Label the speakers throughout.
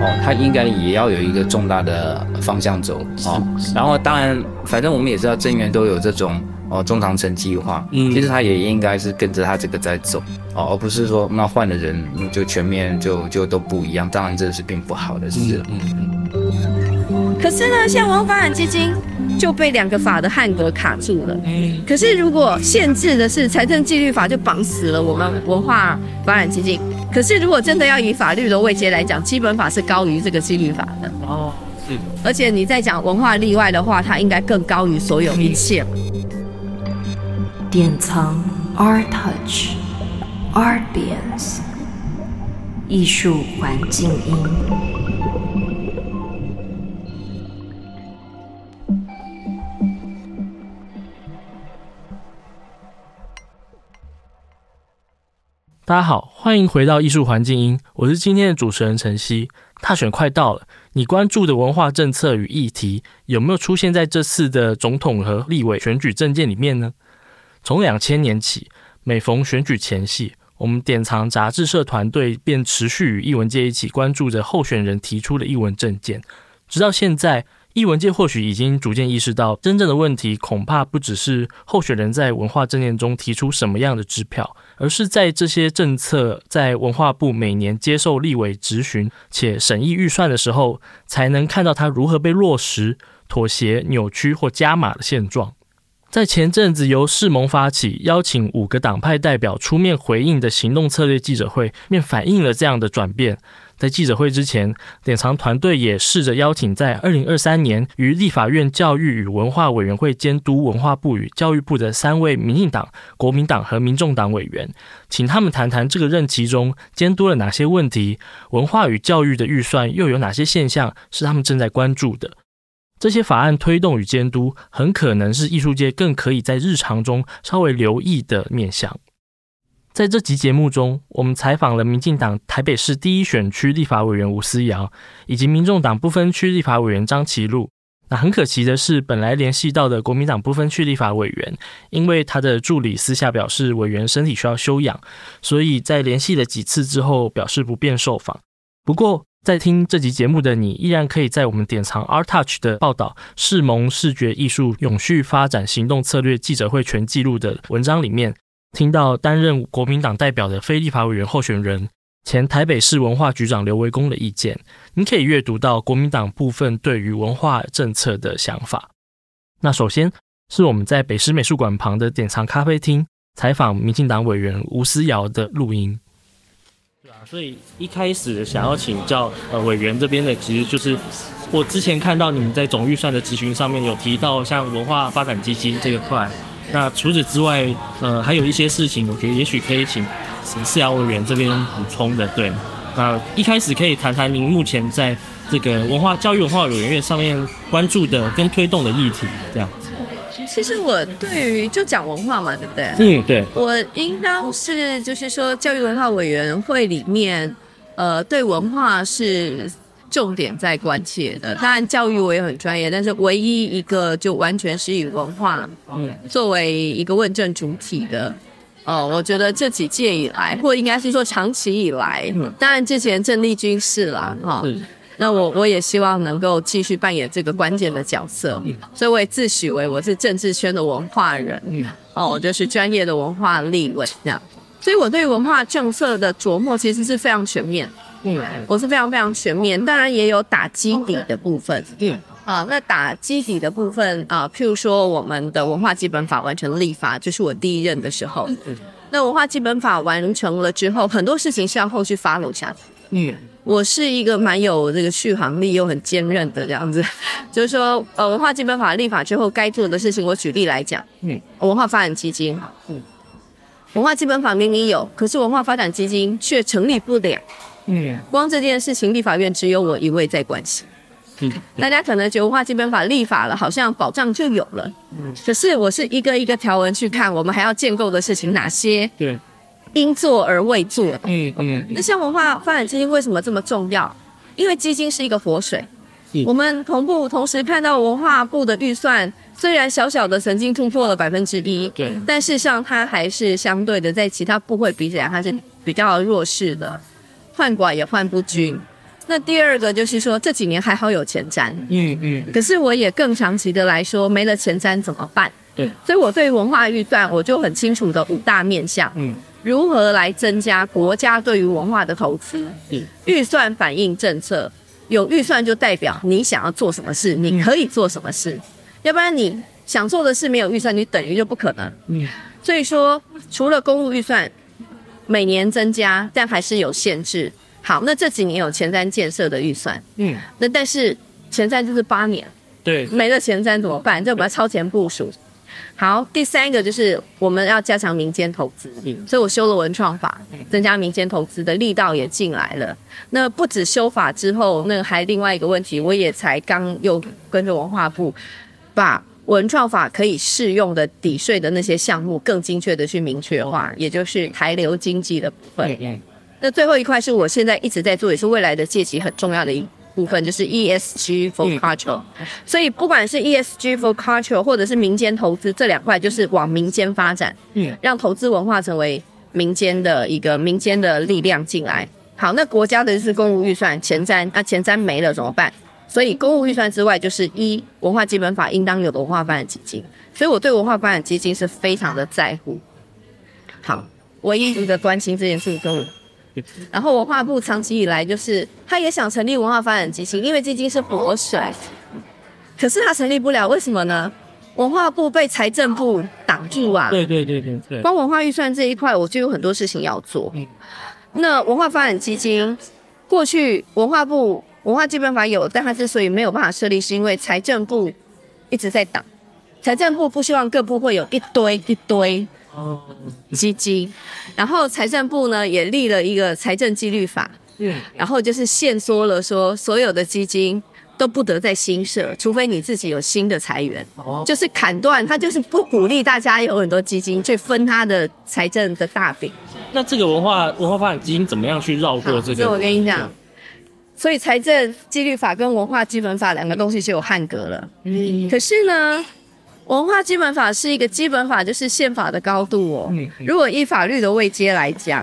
Speaker 1: 哦，他應該也要有一個重大的方向走啊、哦。然後，當然，反正我們也知道，政院都有這種哦中長程計劃。嗯，其實他也應該是跟着他這個在走哦，而不是說那換的人、嗯、就全面就就都不一樣。當然，這是並不好的事。嗯。嗯，
Speaker 2: 可是呢，像文化發展基金就被兩個法的扞格卡住了。嗯、可是，如果限制的是財政紀律法，就綁死了我們文化發展基金。嗯嗯可是，如果真的要以法律的位階來講，基本法是高於這個新律法的哦。是而且你在講文化例外的話，它應該更高於所有一切。典 藏 ARTouch ARTbience，藝術環境音。
Speaker 3: 大家好，歡迎回到藝術環境音，我是今天的主持人陳晞。大選快到了，你關注的文化政策與議題，有沒有出現在這次的總統和立委選舉政見裡面呢？從兩千年起，每逢選舉前夕，我們典藏雜誌社團隊便持續與藝文界一起關注着候選人提出的藝文政見，直到現在。藝文界或許已經逐漸意識到，真正的問題恐怕不只是候選人在文化政見中提出什麼樣的支票，而是在這些政策在文化部每年接受立委質詢且審議預算的時候，才能看到它如何被落實、妥協、扭曲或加碼的現狀。在前陣子由世盟發起，邀請五個黨派代表出面回應的行動策略記者會，便反映了這樣的轉變。在記者會之前，典藏團隊也試着邀請在二零二三年於立法院教育與文化委員會監督文化部與教育部的三位民進黨、國民黨和民眾黨委員，請他們談談這個任期中監督了哪些問題，文化與教育的預算又有哪些現象是他們正在關注的。這些法案推動與監督，很可能是藝術界更可以在日常中稍微留意的面向。在這集節目中，我們採訪了民進黨台北市第一選區立法委員吳思瑤，以及民眾黨不分區立法委員張其祿。那很可惜的是，本來聯繫到的國民黨不分區立法委員，因為他的助理私下表示委員身體需要休養，所以在聯繫了幾次之後，表示不便受訪。不過，在聽這集節目的你，依然可以在我們典藏 Art o u c h 的報道《世盟視覺藝術永續發展行動策略記者會全記錄》的文章裡面，聽到擔任國民黨代表的非立法委員候選人、前台北市文化局長劉維公的意見。你可以閱讀到國民黨部分對於文化政策的想法。那首先是我們在北師美術館旁的典藏咖啡廳採訪民進黨委員吳思瑤的錄音。所以一開始想要請教呃委員這邊的，其實就是我之前看到你們在總預算的質詢上面有提到像文化發展基金這個塊，那除此之外，呃還有一些事情，我覺得也許可以請思瑤委員這邊補充的，對，那一開始可以談談您目前在這個文化教育文化委員會上面關注的跟推動的議題，這樣。
Speaker 2: 其實我對於就講文化嘛，對不對？嗯，對。我應當是就是說教育文化委員會裡面，呃，對文化是重點在關切的。當然教育我也很專業，但是唯一一個就完全是以文化，嗯，作為一個問政主體的。哦，嗯，呃，我覺得這幾屆以來，或應該是說長期以來，當然之前鄭麗君是了哈。哦那我我也希望能夠繼續扮演這個關鍵的角色。嗯、所以我也自詡為我是政治圈的文化人，嗯、哦，我就是專業的文化立委這樣。所以我對文化政策的琢磨其實是非常全面，嗯，我是非常非常全面。當然也有打基底的部分，嗯，啊，那打基底的部分啊，譬如說我們的文化基本法完成立法，就是我第一任的時候。嗯、那文化基本法完成了之後，很多事情是要後續 follow 下去，嗯。我是一個蠻有這個續航力又很堅韌的這樣子，就是說，呃，文化基本法立法之後該做的事情，我舉例來講，嗯，文化發展基金，嗯，文化基本法明明有，可是文化發展基金卻成立不了，嗯，光這件事情，立法院只有我一位在關心，嗯，大家可能覺得文化基本法立法了，好像保障就有了，嗯，可是我是一個一個條文去看，我們還要建構的事情哪些？對。因做而未做，嗯嗯。那、嗯、像文化發展基金為什麼這麼重要？因為基金是一個活水。嗯、我們同步同時看到文化部的預算，雖然小小的曾經突破了百分之一，對、嗯，但事實上它還是相對的，在其他部會比起來，它是比較弱勢的。患寡也患不均。那第二個就是說，這幾年還好有前瞻，嗯嗯。可是我也更長期的來說，沒了前瞻怎麼辦？對、嗯。所以我對文化預算，我就很清楚的五大面向，嗯。如何來增加國家對於文化的投資？嗯，預算反映政策，有預算就代表你想要做什麼事，你可以做什麼事。嗯、要不然你想做的事沒有預算，你等於就不可能。嗯，所以說除了公務預算每年增加，但還是有限制。好，那這幾年有前瞻建設的預算，嗯，那但是前瞻就是八年，對、嗯，沒了前瞻怎麼辦？就把它超前部署。好，第三個就是我們要加強民間投資，所以我修了文創法，增加民間投資的力道也進來了。那不止修法之後，那還另外一個問題，我也才剛又跟着文化部把文創法可以適用的抵稅的那些項目更精確的去明確化，也就是台流經濟的部分。那最後一塊是我現在一直在做，也是未來的借期很重要的一部分就是 ESG for culture，嗯，所以不管是 ESG for culture 或者是民間投資這兩塊，就是往民間發展，嗯，讓投資文化成為民間的一個民間的力量進來。好，那國家的就是公務預算前瞻，那，啊，前瞻沒了怎麼辦？所以公務預算之外，就是一文化基本法應當有的文化發展基金。所以我對文化發展基金是非常的在乎。好，我一直在關心這件事情。然後文化部長期以來就是，他也想成立文化發展基金，因為基金是活水，可是他成立不了，為什麼呢？文化部被財政部擋住啊！對對對對
Speaker 3: 對對，光文
Speaker 2: 化預算這一塊，我就有很多事情要做。那文化發展基金，過去文化部文化基本法有，但它之所以沒有辦法設立，是因為財政部一直在擋，財政部不希望各部會有一堆一堆。哦、基金，然後財政部呢也立了一個財政紀律法，嗯，然後就是限縮了，說所有的基金都不得再新設，除非你自己有新的財源。哦，就是砍斷，他就是不鼓勵大家有很多基金去分他的財政的大餅。
Speaker 3: 那這個文化文化發展基金怎麼樣去繞過這個？所以我跟你
Speaker 2: 講，所以財政紀律法跟文化基本法兩個東西是有扞格了，嗯，可是呢。文化基本法是一個基本法，就是憲法的高度哦。如果以法律的位階來講，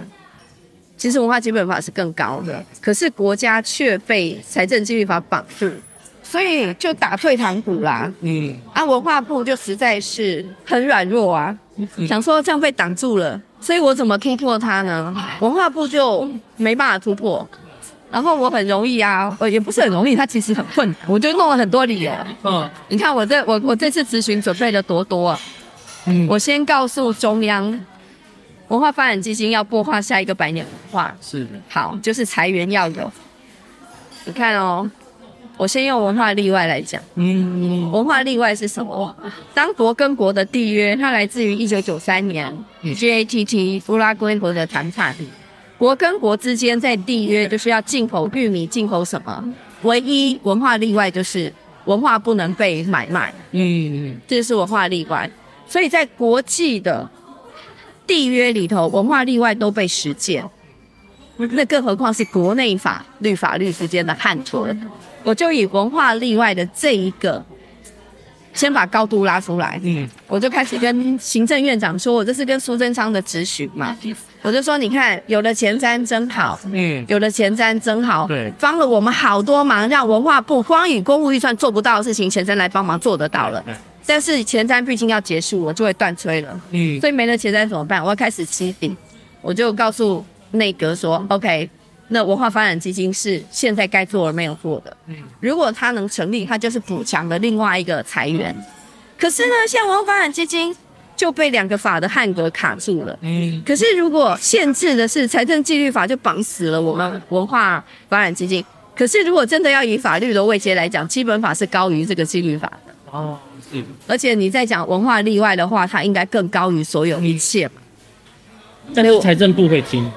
Speaker 2: 其實文化基本法是更高的，可是國家卻被財政紀律法綁住，所以就打退堂鼓啦。嗯，啊，文化部就實在是很軟弱啊，嗯，想說這樣被擋住了，所以我怎麼突破它呢？文化部就沒辦法突破。然後我很容易啊，呃也不是很容易，他其實很困難，我就弄了很多理由。嗯，你看我這我我這次質詢準備的多多了。嗯，我先告訴中央，文化發展基金要擘劃下一個百年文化。是。好，就是財源要有。你看哦，我先用文化例外來講。嗯，文化例外是什麼？當國跟國的締約，它來自於一九九三年 GATT、嗯、烏拉圭回合的談判。國跟國之間在締約，就是要進口玉米，進口什麼？唯一文化例外就是文化不能被買賣，嗯，這是文化例外。所以在國際的締約裡頭，文化例外都被實踐，那更何況是國內法律法律之間的扞格？我就以文化例外的這一個。先把高度拉出來，嗯，我就開始跟行政院長說，我這是跟蘇貞昌的質詢嘛，我就說，你看，有了前瞻真好，嗯，有了前瞻真好，對、嗯，幫了我們好多忙，讓文化部光以公務預算做不到的事情，前瞻來幫忙做得到了，但是前瞻畢竟要結束，我就會斷炊了，嗯，所以沒了前瞻怎麼辦？我要開始欺頂，我就告訴內閣說，OK。那文化發展基金是現在該做而沒有做的，如果它能成立，它就是補強的另外一個財源。可是呢，像文化發展基金就被兩個法的扞格卡住了。可是如果限制的是財政紀律法，就綁死了我們文化發展基金。可是如果真的要以法律的位階來講，基本法是高於這個紀律法的。哦，
Speaker 3: 是。
Speaker 2: 而且你在講文化例外的話，它應該更高於所有一切。但是財政部會聽？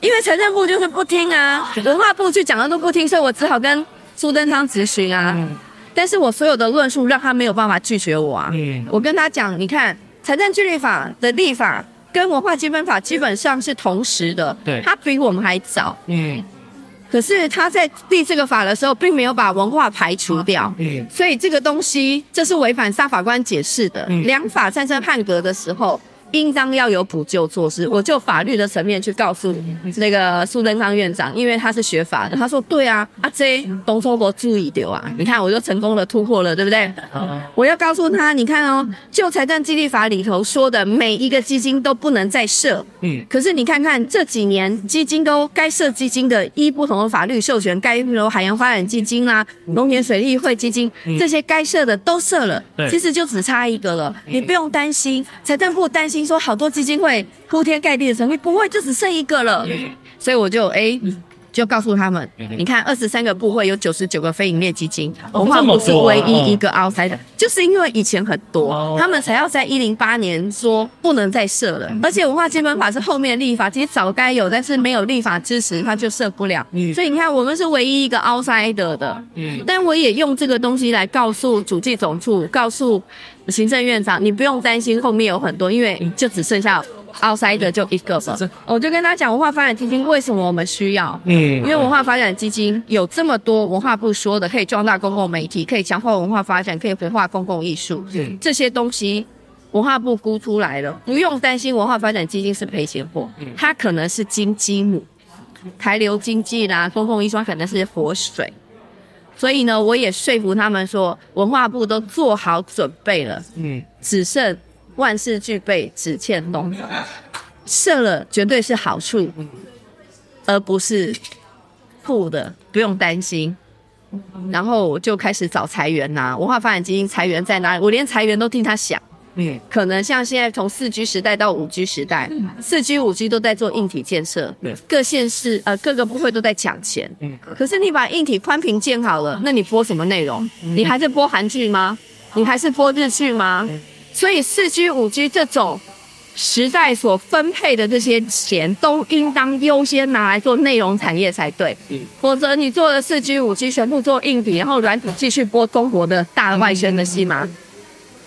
Speaker 2: 因為財政部就是不聽啊，文化部去講的都不聽，所以我只好跟蘇貞昌質詢啊、嗯。但是我所有的論述讓他沒有辦法拒絕我啊。嗯、我跟他講，你看財政紀律法的立法跟文化基本法基本上是同時的。對、嗯。他比我們還早。嗯。可是他在立這個法的時候，並沒有把文化排除掉。嗯。嗯，所以這個東西這是違反大法官解釋的。嗯。兩法在在判格的時候，應當要有補救措施。我就法律的層面去告訴那個蘇貞昌院長，因為他是學法的，他說，對啊，阿 J，東衝國注意的啊！你看，我就成功的突破了，對不對？啊、我要告訴他，你看哦，就財政激勵法裡頭說的，每一個基金都不能再設。嗯，可是你看看這幾年基金都該設基金的，依不同的法律授權，該比如海洋發展基金啦、啊、農田水利會基金這些該設的都設了，其實就只差一個了。你不用擔心，財政部擔心。聽說好多基金會鋪天蓋地的成立，不會就只剩一個了，嗯、所以我就哎。欸嗯就告訴他們，你看二十三個部會有九十九個非營業基金，文化部是唯一一個 outsider。哦，這麼多啊。嗯、就是因為以前很多，他們才要在一零八年說不能再設了。嗯。而且文化基本法是後面立法，其實早該有，但是沒有立法支持，它就設不了。嗯。所以你看，我們是唯一一個 outside 的。嗯。但我也用這個東西來告訴主計總處，告訴行政院長，你不用擔心後面有很多，因為就只剩下。o u t s outside 就一個吧，我就跟他講，文化發展基金為什麼我們需要？嗯，因為文化發展基金有這麼多文化部說的可以壯大公共媒體，可以強化文化發展，可以活化公共藝術，嗯，這些東西文化部估出來了，不用擔心文化發展基金是賠錢貨，它可能是金雞母，台流經濟啦，公共醫生可能是活水，所以呢，我也說服他們說文化部都做好準備了，嗯，只剩。萬事俱備，只欠東風。設了絕對是好處，而不是負的，不用擔心、嗯。然後我就開始找財源呐、啊，文化發展基金財源在哪裡？我連財源都替他想、嗯。可能像現在從四 G 時代到五 G 時代，四 G、五 G 都在做硬體建設、嗯，各縣市呃各個部會都在搶錢、嗯。可是你把硬體寬頻建好了，那你播什麼內容？你還是播韓劇嗎？你還是播日劇嗎？所以四 G、五 G 這種時代所分配的這些錢，都應當優先拿來做內容產業才對。嗯，否則你做了四 G、五 G，全部做硬體，然後軟體繼續播中國的大外宣的戲碼。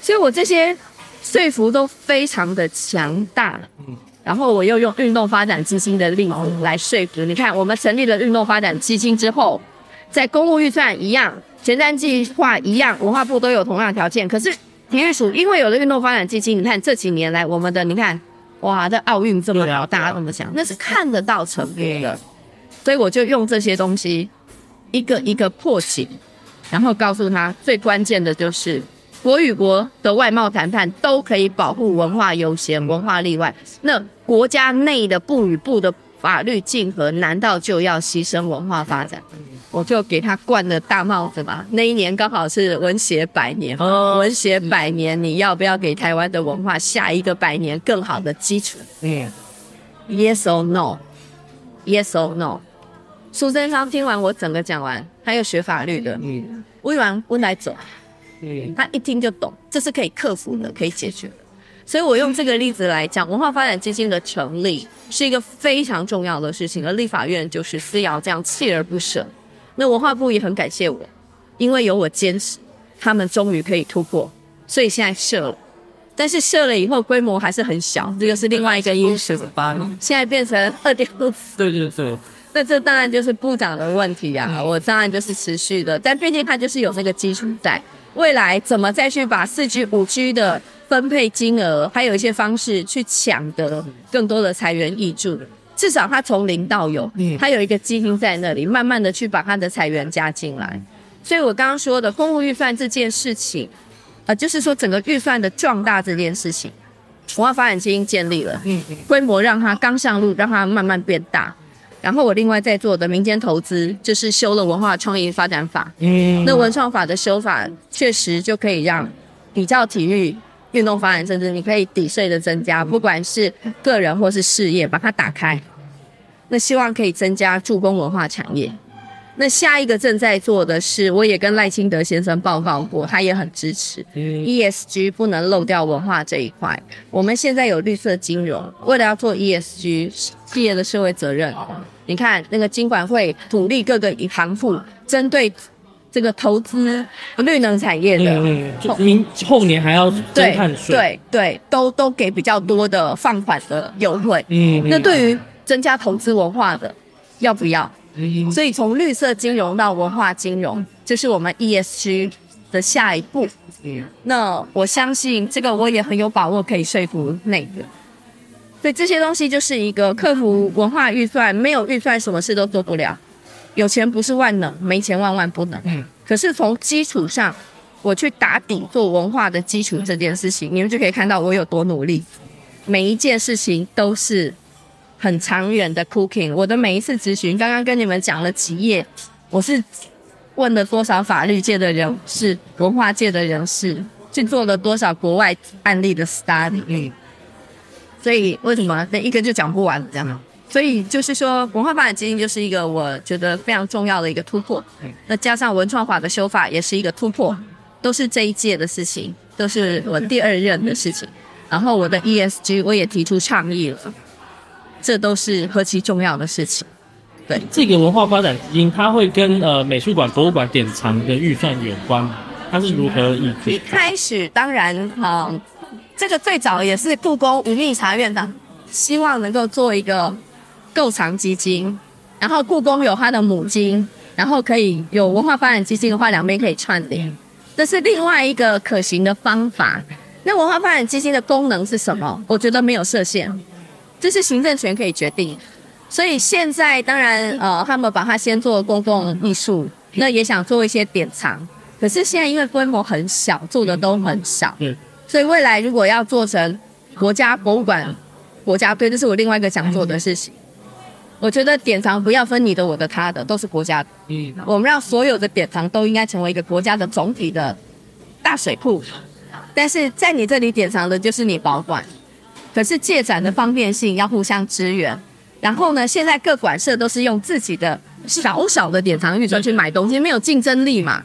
Speaker 2: 所以我這些說服都非常的強大。嗯，然後我又用運動發展基金的例子來說服，你看，我們成立了運動發展基金之後，在公務預算一樣、前瞻計劃一樣、文化部都有同樣的條件，可是。體育署，因為有了運動發展基金，你看這幾年來我們的，你看哇，這奧運這麼大家這麼想？那是看得到成績的，所以我就用這些東西一個一個破解，然後告訴他，最關鍵的就是國與國的外貿談判都可以保護文化優先、文化例外，那國家內的部與部的。法律競合，難道就要犧牲文化發展？我就給他冠了大帽子吧。那一年剛好是文學百年，哦，文學百年，你要不要給台灣的文化下一個百年更好的基礎？嗯，Yes or no？Yes or no？蘇貞昌聽完我整個講完，他又學法律的，嗯，一完問來走，嗯，他一聽就懂，這是可以克服的，可以解決。所以，我用這個例子來講， 文化發展基金的成立是一個非常重要的事情， 而立法院就是思瑤這樣鍥而不捨。那文化部也很感謝我，因為有我堅持，他們終於可以突破，所以現在設了。但是設了以後規模還是很小，這個是另外一個因素。 現在變成二點六。對對對，對，那這當然就是部長的問題呀、啊。我當然就是持續的，但畢竟他就是有這個基礎在，未來怎麼再去把四 G、五 G 的，分配金額，還有一些方式去搶得更多的財源挹注。至少他從零到有，他有一個基金在那裡，慢慢的去把他的財源加進來。所以，我剛剛說的公共預算這件事情，啊、呃，就是說整個預算的壯大這件事情，文化發展基金建立了，規模讓它剛上路，讓它慢慢變大。然後，我另外在做的民間投資，就是修了文化創意發展法，那文創法的修法確實就可以讓比較體育。運動發展，甚至你可以抵稅的增加，不管是個人或是事業，把它打開。那希望可以增加助攻文化產業。那下一個正在做的是，我也跟賴清德先生報告過，他也很支持 ESG，不能漏掉文化這一塊。我們現在有綠色金融，為了要做 ESG 企業的社會責任。你看那個金管會鼓勵各個銀行負針對。這個投資綠能產業的，嗯，嗯嗯
Speaker 3: 後就明後年還要對對
Speaker 2: 對，都都給比較多的放款的優惠，嗯，嗯，那對於增加投資文化的要不要？嗯嗯、所以從綠色金融到文化金融，這、嗯就是我們 E S G 的下一步嗯。嗯，那我相信這個我也很有把握可以說服那個。對，這些東西，就是一個克服文化預算，沒有預算什麼事都做不了。有錢不是萬能，沒錢萬萬不能。可是從基礎上，我去打底做文化的基礎這件事情，你們就可以看到我有多努力。每一件事情都是很長遠的 cooking。我的每一次質詢，剛剛跟你們講了幾頁，我是問了多少法律界的人士、文化界的人士，去做了多少國外案例的 study。嗯。所以為什麼那一個就講不完？這樣。所以就是說，文化發展基金就是一個我覺得非常重要的一個突破。那加上文創法的修法也是一個突破，都是這一屆的事情，都是我第二任的事情。然後我的 ESG 我也提出倡議了，這都是何其重要的事情。對、
Speaker 3: 嗯、這個文化發展基金，它會跟呃美術館、博物館典藏的預算有關。它是如何一一
Speaker 2: 開始當然啊、嗯，這個最早也是故宮吳密察院長希望能夠做一個。購藏基金，然後故宮有它的母金，然後可以有文化發展基金的話，兩邊可以串聯，這是另外一個可行的方法。那文化發展基金的功能是什麼？我覺得沒有設限，這是行政權可以決定。所以現在當然呃，他們把它先做公共藝術，那也想做一些典藏，可是現在因為規模很小，做的都很少。嗯，所以未來如果要做成國家博物館，國家隊，這是我另外一個想做的事情。我覺得典藏不要分你的、我的、他的，都是國家的。嗯，我們讓所有的典藏都應該成為一個國家的總體的大水庫。但是在你這裡典藏的就是你保管，可是借展的方便性要互相支援。然後呢，現在各館舍都是用自己的小小的典藏預算去買東西，沒有競爭力嘛。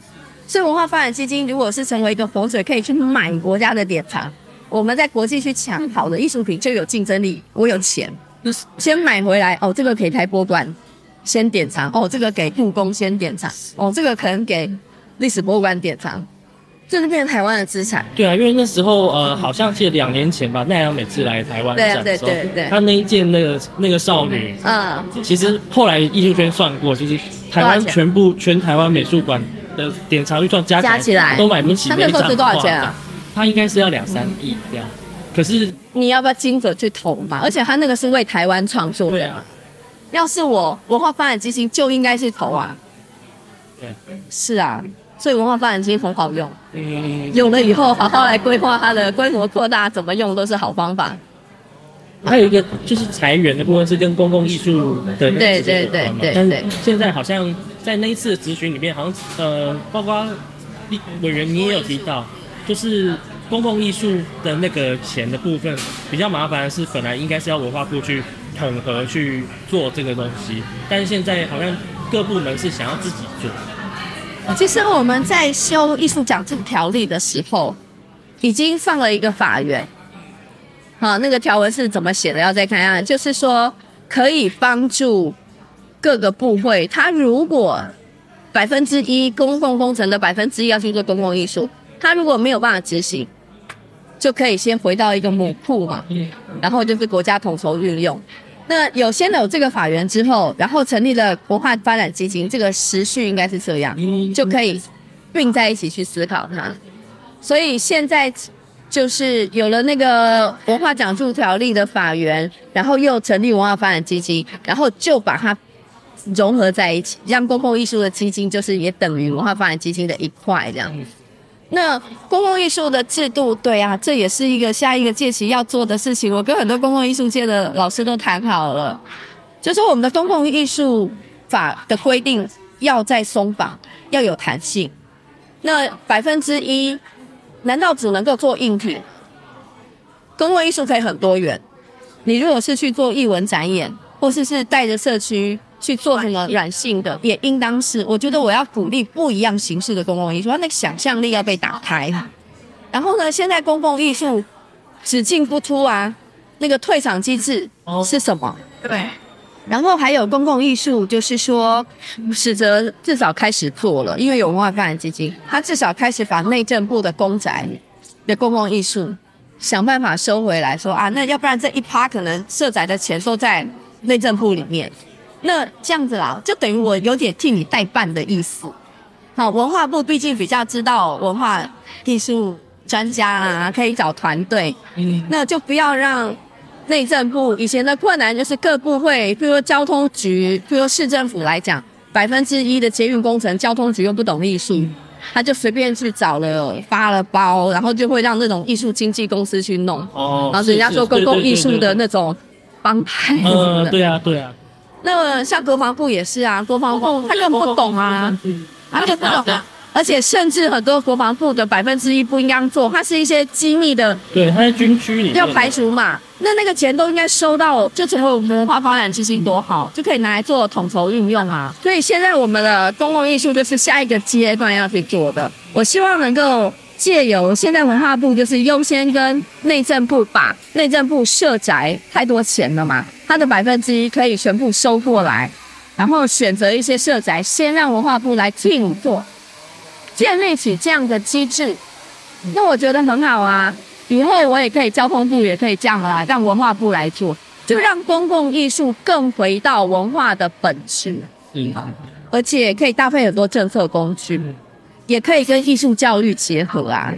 Speaker 2: 所以文化發展基金如果是成為一個洪水，可以去買國家的典藏，我們在國際去搶好的藝術品就有競爭力。我有錢。先買回來哦，這個可以開博物館，先典藏哦，這個給故宮先典藏哦，這個可能給歷史博物館典藏，這是變成台灣的資產。
Speaker 3: 對啊，因為那時候呃，好像是兩年前吧，奈良美智來台灣展的時候對、啊對對對，他那一件那個那個少女，嗯，其實後來藝術圈算過，就是台灣全部全台灣美術館的典藏預算加起來，加起來都買不起這件畫。他最後是多少錢啊？他應該是要兩三億這樣。可是
Speaker 2: 你要不要親自去投嘛？而且他那個是為台灣創作的。對、啊、要是我文化發展基金就應該是投啊對。
Speaker 3: 對。
Speaker 2: 是啊，所以文化發展基金很好用，
Speaker 3: 有、嗯、了以
Speaker 2: 後好好來規劃它的規模擴大，怎麼用都是好方法。
Speaker 3: 還有一個就是財源的部分是跟公共藝術對對對對對，對，但是現在好像在那一次的質詢裡面，好像呃包括委員你也有提到，就是。公共藝術的那個錢的部分比較麻煩的是本來應該是要文化部去統合去做這個東西，但是現在好像各部門是想要自己做。
Speaker 2: 其實我們在修藝術獎這個條例的時候，已經放了一個法院。好，那個條文是怎麼寫的？要再看一下，就是說可以幫助各個部會，他如果百分之一公共工程的百分之一要去做公共藝術，他如果沒有辦法執行，就可以先回到一個母庫嘛，然後就是國家統籌運用。那有先有這個法源之後，然後成立了文化發展基金，這個時序應該是這樣，就可以併在一起去思考它。所以現在就是有了那個文化獎助條例的法源，然後又成立文化發展基金，然後就把它融合在一起，讓公共藝術的基金就是也等於文化發展基金的一塊這樣。那公共藝術的制度，對啊，這也是一個下一個屆期要做的事情。我跟很多公共藝術界的老師都談好了，就是說我們的公共藝術法的規定要再鬆綁，要有彈性。那百分之一，難道只能夠做硬體？公共藝術可以很多元，你如果是去做藝文展演，或是是帶着社區，去做什麼軟性的，也應當是，我覺得我要鼓勵不一樣形式的公共藝術，他那個想象力要被打開。然後呢，現在公共藝術只進不出啊，那個退場機制是什麼？哦、對。然後還有公共藝術，就是說，使得至少開始做了，因為有文化發展基金，他至少開始把內政部的公宅的公共藝術想辦法收回來說啊，那要不然這一趴可能社宅的錢都在內政部裡面。那這樣子啦，就等於我有點替你代辦的意思。好、哦，文化部畢竟比較知道文化藝術專家啊，可以找團隊、嗯。那就不要讓內政部以前的困難，就是各部會，譬如說交通局，譬如說市政府來講，百分之一的捷運工程，交通局又不懂藝術，他就隨便去找了發了包，然後就會讓那種藝術經紀公司去弄、哦。然後人家做公共藝術的那種幫派。嗯、 呃，對啊，對啊。那個、像國防部也是啊，國防部他更不懂啊，嗯、他就不懂、啊嗯嗯嗯嗯，而且甚至很多國防部的百分之一不應該做，它是一些機密的，對，他在軍區裡面，要排除嘛，那那個錢都應該收到就只有我們，就成為文化發展基金多好、嗯，就可以拿來做統籌運用啊、嗯。所以現在我們的公共藝術就是下一個階段要去做的，我希望能夠。借由現在文化部就是優先跟內政部把內政部社宅太多錢了嘛，它的百分之一可以全部收過來，然後選擇一些社宅，先讓文化部來替你做，建立起這樣的機制，那我覺得很好啊。以後我也可以交通部也可以這樣啊，讓文化部來做，就讓公共藝術更回到文化的本質，嗯，而且可以搭配很多政策工具。也可以跟藝術教育結合啊，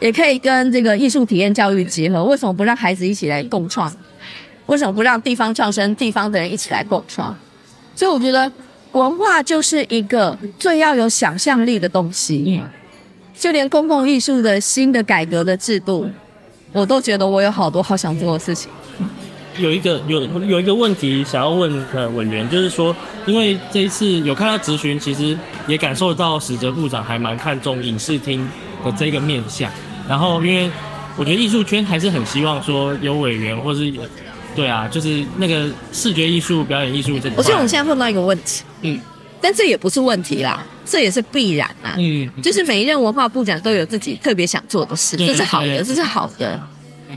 Speaker 2: 也可以跟這個藝術體驗教育結合。為什麼不讓孩子一起來共創？為什麼不讓地方創生，地方的人一起來共創？所以我覺得文化就是一個最要有想象力的東西。就連公共藝術的新的改革的制度，我都覺得我有好多好想做的事情。
Speaker 3: 有一個有有一個問題想要問呃委員，就是說，因為這一次有看到質詢，其實也感受到史哲部長還蠻看重影視聽的這個面向。然後，因為我覺得藝術圈還是很希望說有委員，或是對啊，就是那個視覺藝術、表演藝術這……我覺得我們現
Speaker 2: 在碰到一個問題，嗯，但這也不是問題啦，這也是必然啦，嗯，就是每一任文化部長都有自己特別想做的事對對對，這是好的，這是好的，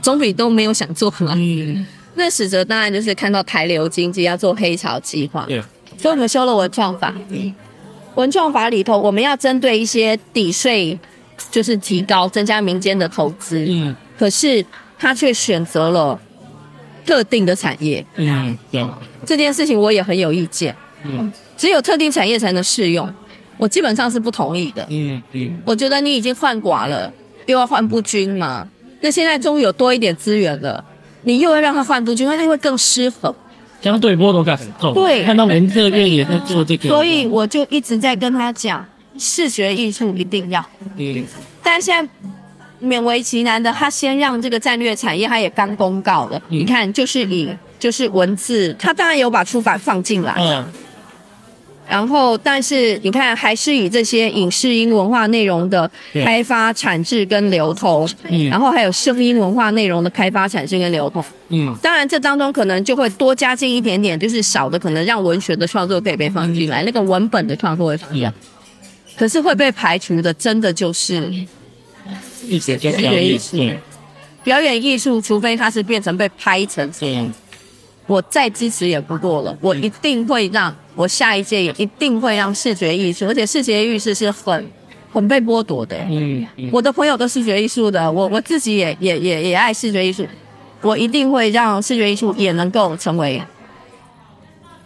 Speaker 2: 總比都沒有想做嘛，嗯。那史哲當然就是看到台流經濟要做黑潮計劃，yeah. 所以我們修了文創法。文創法裡頭，我們要針對一些抵稅，就是提高增加民間的投資。嗯、yeah.，可是他卻選擇了特定的產業。嗯，
Speaker 3: 對。
Speaker 2: 這件事情我也很有意見。嗯，只有特定產業才能適用，我基本上是不同意的。
Speaker 3: 嗯嗯，
Speaker 2: 我覺得你已經換寡了，又要換不均嘛。那現在終於有多一點資源了。你又要讓他換佈局，因為他會更適合，
Speaker 3: 相對剝奪感，對，看到文策院也在做這個，所以
Speaker 2: 我就一直在跟他講，視覺藝術一定要，嗯，但現在勉為其難的，他先讓這個戰略產業，他也剛公告了，你看，就是影，就是文字，他當然有把出版放進來，嗯。然後，但是你看，還是以這些影視音文化內容的開發、產製跟流通，嗯，然後還有聲音文化內容的開發、產生跟流通，嗯，當然這當中可能就會多加進一點點，就是少的可能讓文學的創作可以被放進來，那個文本的創作會放進來。可是會被排除的，真的就是，
Speaker 3: 表演藝術，
Speaker 2: 表演藝術，除非它是變成被拍成這樣子。我再支持也不過了，我一定會讓我下一屆也一定會讓視覺藝術，而且視覺藝術是很很被剝奪的。嗯嗯、我的朋友都是視覺藝術的，我我自己也也也也愛視覺藝術，我一定會讓視覺藝術也能夠成為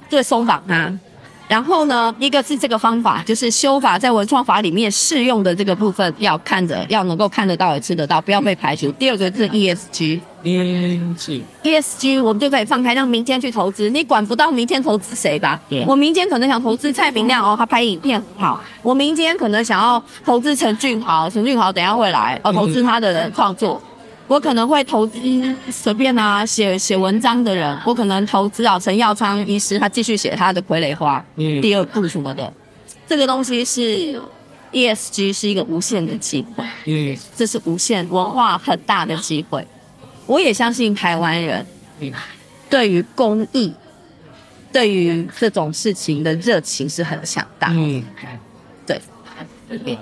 Speaker 2: 最鬆綁的。然後呢，一個是這個方法，就是修法在文創法裡面適用的這個部分，要看着，要能夠看得到也吃得到，不要被排除。嗯、第二個 ESG、嗯嗯、是 ESG，ESG，ESG 我們就可以放開，讓民間去投資，你管不到民間投資誰吧？對、嗯，我民間可能想投資蔡明亮，哦，他拍影片好。我民間可能想要投資陳俊豪，陳俊豪等一下會來，哦，投資他的人創作。嗯嗯我可能會投資隨便啊，寫寫文章的人，我可能投資老陳耀昌醫師，他繼續寫他的傀儡花，嗯，第二部什麼的，嗯，這個東西是 ESG 是一個無限的機會，嗯，嗯，這是無限文化很大的機會，我也相信台灣人，嗯，對於公益，對於這種事情的熱情是很強大，嗯，嗯，對，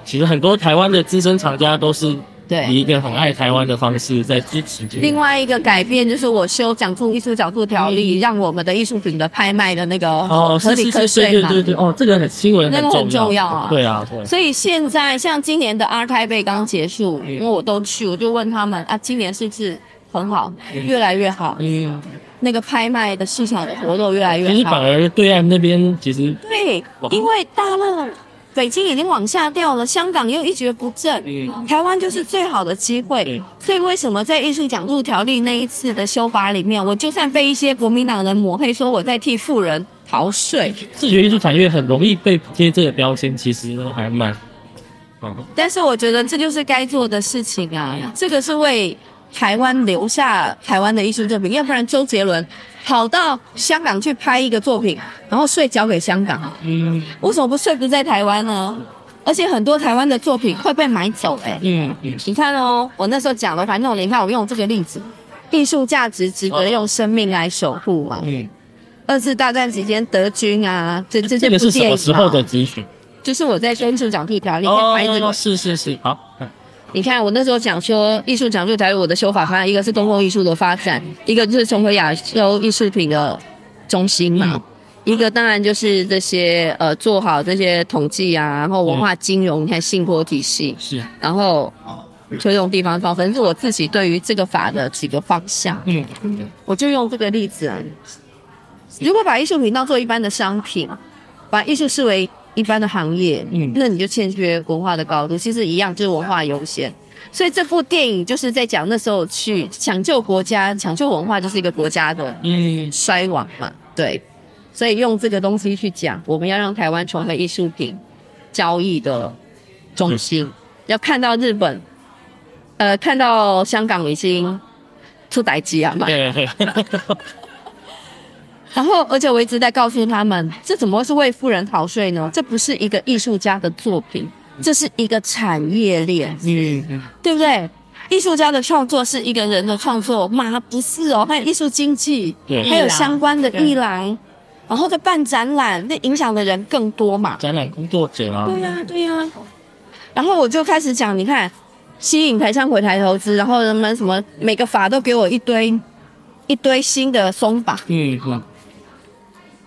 Speaker 3: 其實很多台灣的資深藏家都是。對，以一個很愛台灣的方式在支持，嗯。另
Speaker 2: 外一個改變就是我修《獎助藝術獎助條例》，嗯，讓我們的藝術品的拍賣的那個哦，可理科是是是，對對對，對，對，哦，這個很新聞很，那個很重要啊，哦，對啊對，所以現在像今年的 ART TAIPEI 剛結束，因，嗯，為我都去，我就問他們啊，今年是不是很好，嗯，越來越好？嗯，那個拍賣的市場的活動越來越好。其實反
Speaker 3: 而對岸那邊其實
Speaker 2: 對，因為大了。北京已經往下掉了，香港又一蹶不振、欸，台灣就是最好的機會、欸。所以為什麼在藝術獎助條例那一次的修法裡面，我就算被一些國民黨人抹黑，說我在替富人逃稅？
Speaker 3: 視覺藝術產業很容易被貼這個標籤，其實都還蠻……
Speaker 2: 但是我覺得這就是該做的事情啊，這個是為。台灣留下台灣的藝術作品，要不然周杰倫跑到香港去拍一個作品，然後稅交給香港。嗯，為什麼不稅不在台灣呢？而且很多台灣的作品會被買走哎、欸嗯。嗯，你看哦、喔，我那時候講的，反正我你看我用這個例子，藝術價值值得用生命來守護啊、哦。嗯，二次大戰期間德軍啊，這這這。這個是什麼時候的
Speaker 3: 資訊？
Speaker 2: 就是我在宣傳講 P 條裡面拍這個哦哦、是是是，好。嗯你看，我那時候講說，藝術講座在我的修法上，一個是公共藝術的發展，一個就是重回亞洲藝術品的中心嘛、嗯。一個當然就是這些呃做好這些統計啊，然後文化金融，嗯、你看信託體系，是，然後推動地方方、嗯，反正是我自己對於這個法的幾個方向。嗯，我就用這個例子、啊，如果把藝術品當做一般的商品，把藝術視為。一般的行業，嗯，那你就欠缺文化的高度。其實一樣，就是文化優先。所以這部電影就是在講那時候去搶救國家、嗯、搶救文化，就是一個國家的嗯衰亡嘛、嗯嗯。對，所以用這個東西去講，我們要讓台灣成為藝術品交易的中心、嗯。要看到日本，呃，看到香港已經出代誌啊嘛。嗯 然後，而且我一直在告訴他們，這怎麼會是為富人逃稅呢？這不是一個藝術家的作品，這是一個產業鏈，嗯，對不對？嗯、藝術家的創作是一個人的創作嘛，不是哦。還有藝術經濟，還有相關的藝廊、啊，然後再辦展覽，那影響的人更多嘛。展
Speaker 3: 覽工作者嗎啊，
Speaker 2: 對呀，對呀。然後我就開始講，你看，吸引台商回台投資，然後人們什麼每個法都給我一堆一堆新的鬆綁，嗯。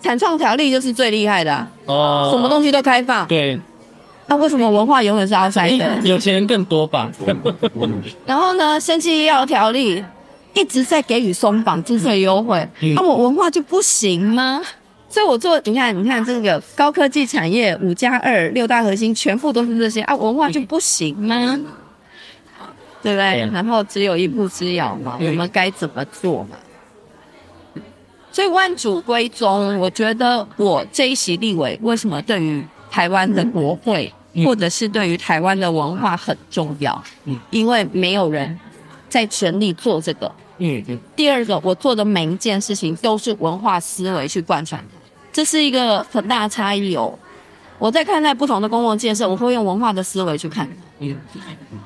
Speaker 2: 產創條例就是最厲害的哦、啊
Speaker 3: ，oh, 什麼東西都開放。對，那、
Speaker 2: 啊、為什麼文化永遠是 Outsider 的？有
Speaker 3: 錢人更多吧。
Speaker 2: 然後呢，生技醫藥條例一直在給予鬆綁、政策優惠。那、嗯啊、我文化就不行嗎、嗯？所以我做，你看，你看這個高科技產業五加二六大核心，全部都是這些啊，文化就不行嗎？對、嗯、不對？然後只有一步之遙嘛，我們該怎麼做嘛？所以萬祖歸宗，我覺得我這一席立委為什麼對於台灣的國會，或者是對於台灣的文化很重要？因為沒有人在全力做這個。嗯，第二個，我做的每一件事情都是文化思維去貫穿，這是一個很大差異哦。我在看待不同的公共建設，我會用文化的思維去看。嗯，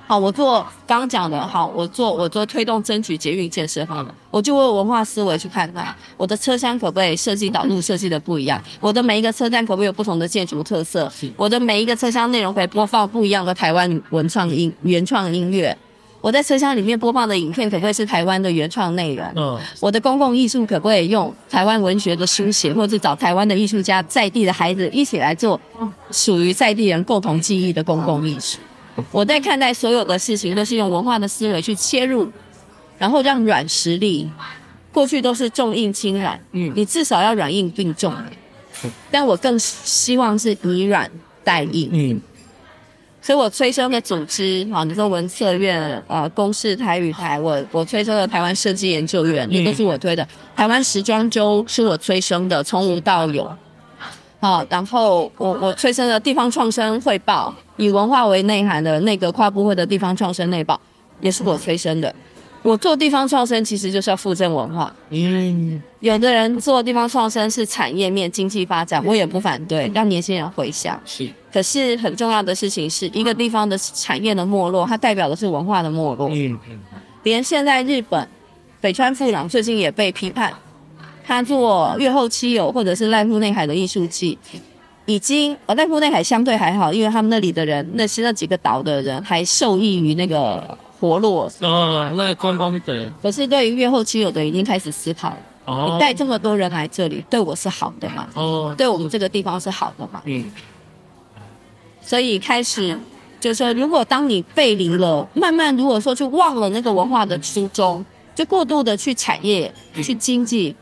Speaker 2: 好，我做剛講的，好，我做我做推動爭取捷運建設，好的，我就用文化思維去看看。我的車廂可不可以設計、導入設計的不一樣？我的每一個車站可不可以有不同的建築特色？我的每一個車廂內容可以播放不一樣的台灣文創音、原創音樂。我在車廂裡面播放的影片可不可以是台灣的原創內容？我的公共藝術可不可以用台灣文學的書寫，或是找台灣的藝術家、在地的孩子一起來做，屬於在地人共同記憶的公共藝術？我在看待所有的事情都是用文化的思維去切入，然後讓軟實力，過去都是重硬輕軟，你至少要軟硬並重，但我更希望是以軟帶硬，所以，我催生的組織，啊，你說文策院，啊，公視台語台，我我催生的台灣設計研究院，嗯、也都是我推的。台灣時裝週是我催生的，從無到有。啊，然後我我催生的地方創生匯報，以文化為內涵的那個跨部會的地方創生內報，也是我催生的。我做地方創生，其實就是要復振文化嗯。嗯，有的人做地方創生是產業面經濟發展，我也不反對，讓年輕人回鄉。是，可是很重要的事情是一個地方的產業的沒落，它代表的是文化的沒落。嗯，嗯，連現在日本，北川富朗最近也被批判，他做越後妻有或者是瀨戶內海的藝術祭，已經、哦、瀨戶內海相對還好，因為他們那裡的人，那些那幾個島的人還受益於那個。活
Speaker 3: 路哦，那觀光的。
Speaker 2: 可是對於越後期，有的已經開始思考了。Oh. 你帶這麼多人來這裡，對我是好的嗎？哦、oh.，對我們這個地方是好的嗎？嗯、mm.。所以開始就是說，如果當你背離了，mm. 慢慢如果說去忘了那個文化的初衷，mm. 就過度的去產業、mm. 去經濟，mm.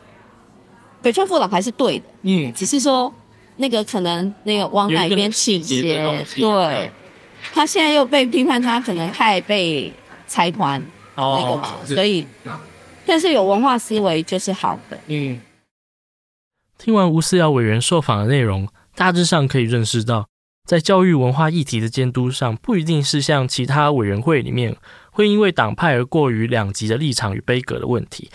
Speaker 2: 北川富朗還是對的。嗯、mm.。只是說那個可能那個往哪一邊傾斜？對、嗯。他現在又被批判，他可能太被。財團、啊、那個、啊、所以、啊，但是有文化思維就是好
Speaker 3: 的。嗯，聽完吳思瑤委員受訪的內容，大致上可以認識到，在教育文化議題的監督上，不一定是像其他委員會裡面會因為黨派而過於兩極的立場與杯葛的問題。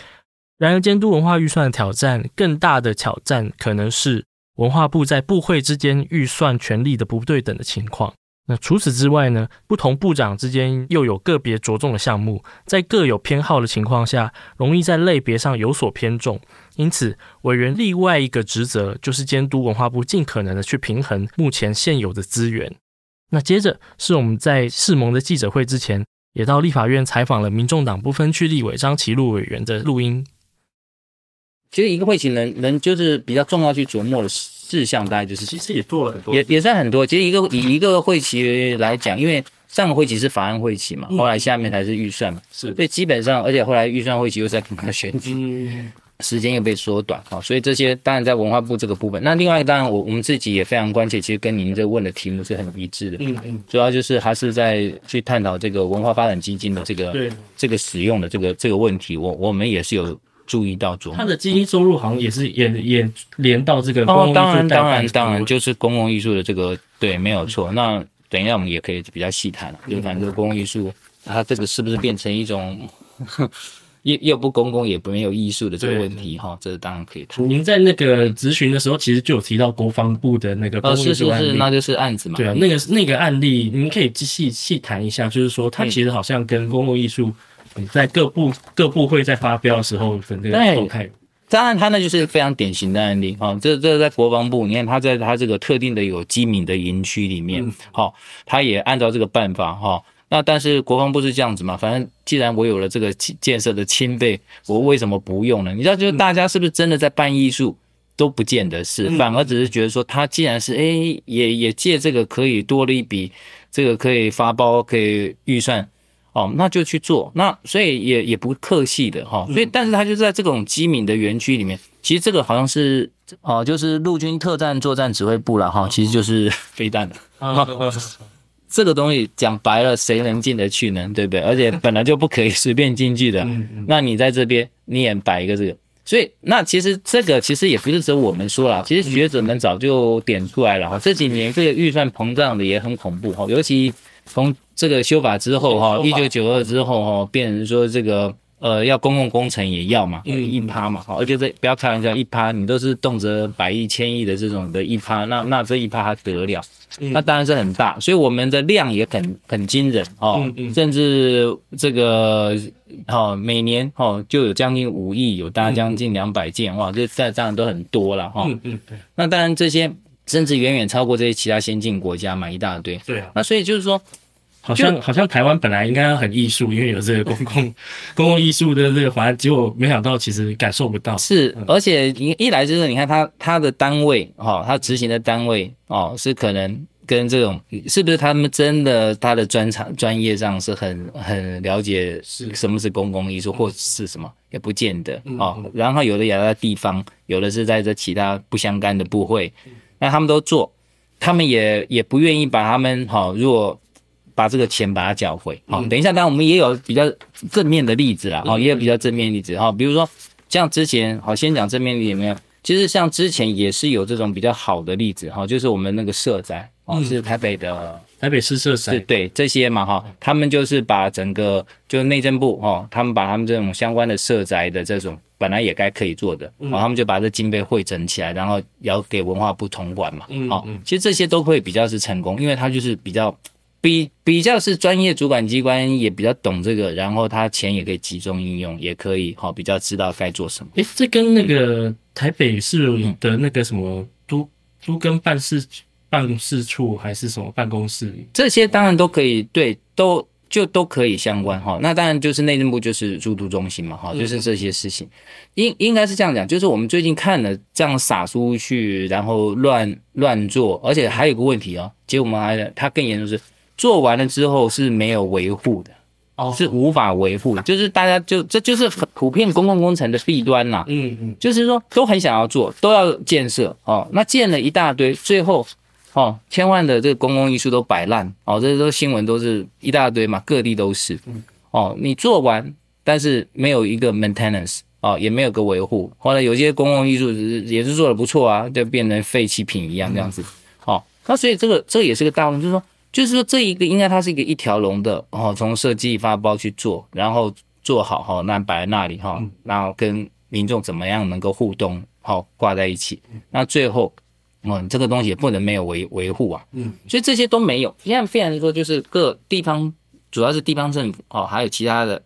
Speaker 3: 然而，監督文化預算的挑戰，更大的挑戰可能是文化部在部會之間預算權力的不對等的情況。那除此之外呢，不同部長之間又有個別着重的項目，在各有偏好的情況下，容易在類別上有所偏重。因此，委員另外一個職責就是監督文化部盡可能的去平衡目前現有的資源。那接着是我們在世盟的記者會之前，也到立法院採訪了民眾黨不分區立委張其祿委員的錄音。
Speaker 1: 其實一個會情人人就是比較重要去琢磨的事。志向大概就是，其實也做了很多，也也算很多。其實一個以一個會期來講，因為上個會期是法案會期嘛，嗯、後來下面才是預算嘛、嗯，所以基本上，而且後來預算會期又在拚選
Speaker 3: 舉，
Speaker 1: 時間又被縮短啊、哦。所以這些當然在文化部這個部分，那另外當然我我們自己也非常關切，其實跟您這問的題目是很一致的，嗯嗯，主要就是還是在去探討這個文化發展基金的這個對這個使用的這個這個問題，我我們也是有。注意到中，左他
Speaker 3: 的基金收入好像也是也、嗯、也連到這
Speaker 1: 個公共藝術。哦，當然當然當然，就是公共藝術的這個對，沒有錯。嗯、那等一下我們也可以比較細談、啊、就反正公共藝術，它、啊、這個是不是變成一種又又不公共也不沒有藝術的這個問題？哈、哦，這個、當然可以
Speaker 3: 談。您在那個質詢的時候，其實就有提到國防部的那個不、哦、是藝是，是那就是案
Speaker 1: 子嘛。對啊，那個那個案例，嗯、您可以細細細談一
Speaker 3: 下，就是說它其實好像跟公共藝術。在各部各部會在發標的時
Speaker 1: 候，分這，當然他那就是非常典型的案例哈。這、哦、這在國防部，你看他在他這個特定的有機敏的營區裡面，好、嗯哦，他也按照這個辦法哈、哦。那但是國防部是這樣子嘛？反正既然我有了這個建設的經費，我為什麼不用呢？你知道，就是大家是不是真的在辦藝術、嗯、都不見得是，反而只是覺得說，他既然是誒、欸，也也借這個可以多了一筆，這個可以發包，可以預算。哦，那就去做，那所以也也不客氣的哈、哦，所以但是他就在這種機敏的園區裡面，其實這個好像是哦，就是陸軍特戰作戰指揮部了哈、哦，其實就是飛彈的，
Speaker 3: 哦、
Speaker 1: 這個東西講白了，誰能進得去呢？對不對？而且本來就不可以隨便進去的， 那你在這邊你也擺一個這個，所以那其實這個其實也不是只有我們說了，其實學者們早就點出來了哈，這幾年這個預算膨脹的也很恐怖哈、哦，尤其從。這個修法之後哈、哦，一九九二之後哈、哦，變成說這個呃，要公共工程也要嘛，因、嗯、一趴嘛，好，而且這不要開玩笑，一趴你都是動輒百億、千億的這種的一趴，那那這一趴它得了、嗯？那當然是很大，所以我們的量也很很驚人、哦、嗯，嗯甚至這個哦，每年哦就有將近五億，有大概將近兩百件、嗯嗯、哇，這這當然都很多了哈、哦。嗯嗯，對。那當然這些甚至遠遠超過這些其他先進國家嘛，一大堆。對啊。那所以就是說。好像好
Speaker 3: 像台灣本來應該很藝術，因為有這個公共 公共藝術的這個環境，結果沒想到其實感受不到。是，
Speaker 1: 嗯、而且一來就是你看他他的單位哈、哦，他執行的單位哦，是可能跟這種是不是他們真的他的專長專業上是很很了解什麼是公共藝術，或是什麼也不見得、嗯、哦。然後有的也在地方，有的是在這其他不相干的部會，嗯、那他們都做，他們也也不願意把他們好、哦、如果。把這個錢把它繳回，好、嗯，等一下，當然我們也有比較正面的例子啦，嗯、也有比較正面的例子，哈、嗯嗯，比如說像之前，好，先講正面的例子有沒有？其實像之前也是有這種比較好的例子，哈，就是我們那個社宅，是台北的，嗯呃、台北市社宅，對，這些嘛，哈，他們就是把整個就是內政部，哈，他們把他們這種相關的社宅的這種本來也該可以做的，然、嗯、後他們就把這經費彙整起來，然後要給文化部統管嘛，嗯，好、嗯，其實這些都會比較是成功，因為它就是比較。比比較是專業主管機關也比較懂這個，然後他錢也可以集中應用，也可以好、哦，比較知道該做什麼。誒、
Speaker 3: 欸，這跟那個台北市的那個什麼都、嗯、都跟辦事辦事處還是什麼辦公室，
Speaker 1: 這些當然都可以，對，都就都可以相關哈、哦。那當然就是內政部就是住都中心嘛，哈、哦嗯，就是這些事情，應應該是這樣講，就是我們最近看了這樣撒出去，然後亂亂做，而且還有一個問題哦，結果我們還它更嚴重是，做完了之後是沒有維護的，哦，是無法維護的，就是大家就這就是很普遍公共工程的弊端啦，啊，嗯嗯，就是說都很想要做，都要建設哦，那建了一大堆，最後哦，千萬的這個公共藝術都擺爛哦，這些新聞都是一大堆嘛，各地都是，哦，你做完但是沒有一個 maintenance，哦，也沒有一個維護，後來有些公共藝術也是做的不錯啊，就變成廢棄品一樣這樣子，哦，那所以這個這個也是個大問題，就是說。就是說，這一個應該它是一個一條龍的，哦，從設計發包去做，然後做好哈、哦，那擺在那裡哈、哦嗯，然後跟民眾怎麼樣能夠互動，好、哦、掛在一起。那最後，嗯、哦，這個東西也不能沒有維維護啊、嗯。所以這些都沒有。現在雖然說就是各地方，主要是地方政府哦，還有其他的